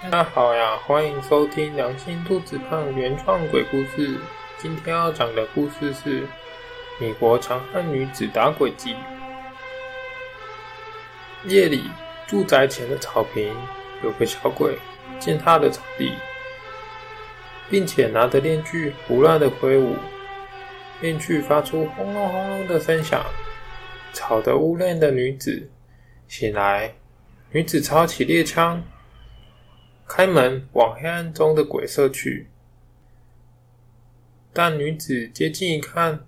大家好呀，歡迎收聽《良心肚子胖》原創鬼故事。今天要講的故事是：美國長恨女子打鬼記。夜裡，住宅前的草坪有個小鬼踐踏的草地，並且拿着鏈鋸胡亂的揮舞，鏈鋸發出轟隆轟隆的聲響，吵得屋內的女子醒來。女子抄起獵槍。開門往黑暗中的鬼射去，但女子接近一看，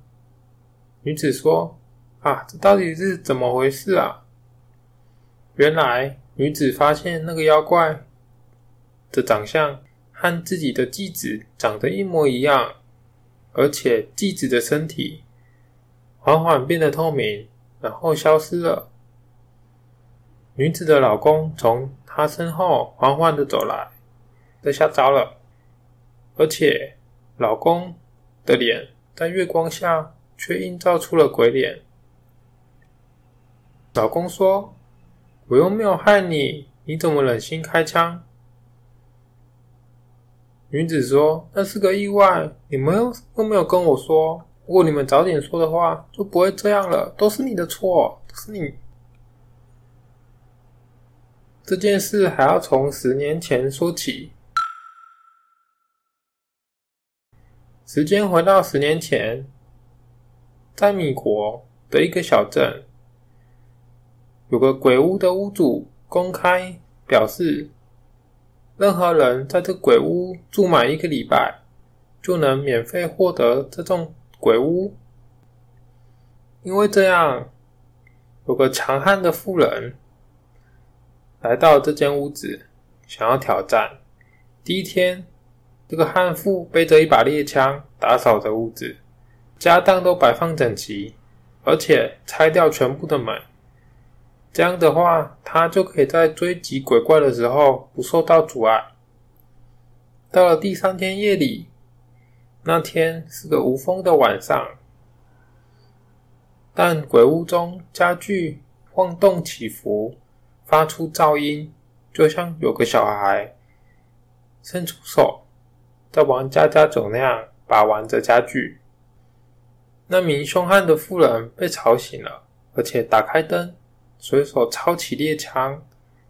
女子說：“啊，這到底是怎麼回事啊？”原來，女子發現那個妖怪的長相和自己的繼子長得一模一樣，而且繼子的身體緩緩變得透明，然後消失了。女子的老公從她身後緩緩的走來，這下糟了，而且老公的臉在月光下卻映照出了鬼臉。老公說：“我又沒有害你，你怎麼忍心開槍？”女子說：“那是個意外，你們又又沒有跟我說，如果你們早點說的話，就不會這樣了，都是你的錯，都是你。”這件事還要從十年前說起。時間回到十年前，在米國的一個小鎮，有個鬼屋的屋主公開表示，任何人在這鬼屋住滿一個禮拜，就能免費獲得這棟鬼屋。因為這樣，有個強悍的婦人。來到這間屋子，想要挑戰。第一天，這個悍婦背着一把獵槍，打掃着屋子，家當都擺放整齊，而且拆掉全部的門。這樣的話，他就可以在追擊鬼怪的時候不受到阻礙。到了第三天夜裡，那天是個無風的晚上，但鬼屋中家具晃動起伏。發出噪音，就像有個小孩伸出手，在玩家家酒那樣把玩着家具。那名凶悍的婦人被吵醒了，而且打開燈，隨手抄起獵槍，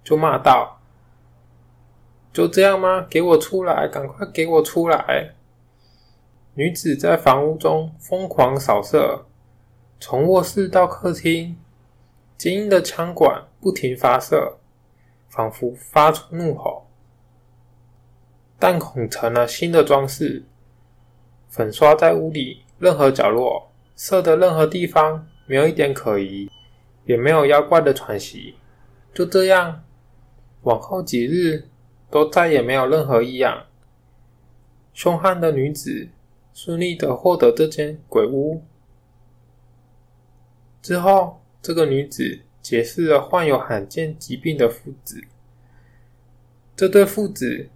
就罵道：“就這樣嗎？給我出來！趕快給我出來！”女子在房屋中瘋狂掃射，從臥室到客廳。堅硬的槍管不停發射，仿佛發出怒吼。彈孔成了新的裝飾，粉刷在屋裡任何角落、射的任何地方，沒有一點可疑，也沒有妖怪的喘息。就這樣，往後幾日都再也沒有任何異樣。凶悍的女子順利的獲得這間鬼屋。之後。這個女子解釋了患有罕見疾病的父子。這對父子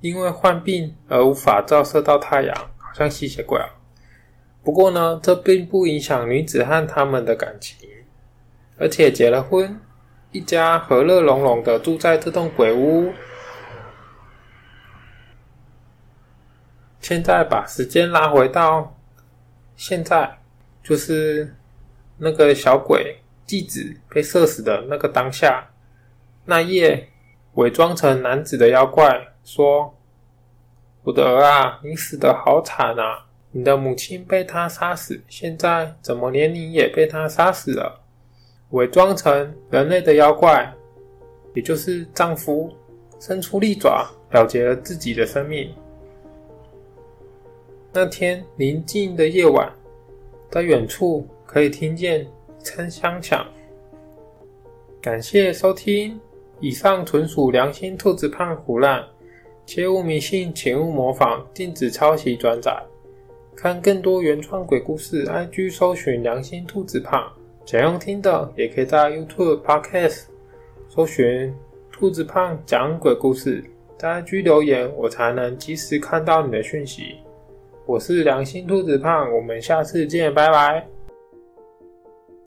因為患病，而無法照射到太陽，好像吸血鬼啊。不過呢，這並不影響女子和他們的感情，而且結了婚，一家和樂融融的住在這棟鬼屋。現在把時間拉回到現在，就是。那個小鬼繼子被射死的那個當下，那夜偽裝成男子的妖怪說：“我的兒啊，你死得好慘啊！你的母親被他殺死，現在怎麼連你也被他殺死了？”偽裝成人類的妖怪，也就是丈夫，伸出利爪，了結了自己的生命。那天寧靜的夜晚，在遠處。可以聽見，參相響。感謝收聽，以上純屬良心兔子胖胡亂，切勿迷信，請勿模仿，禁止抄襲轉載。看更多原創鬼故事，IG 搜尋良心兔子胖。想用聽的，也可以在 YouTube Podcast 搜尋兔子胖講鬼故事。在 IG 留言，我才能及時看到你的訊息。我是良心兔子胖，我們下次見，拜拜。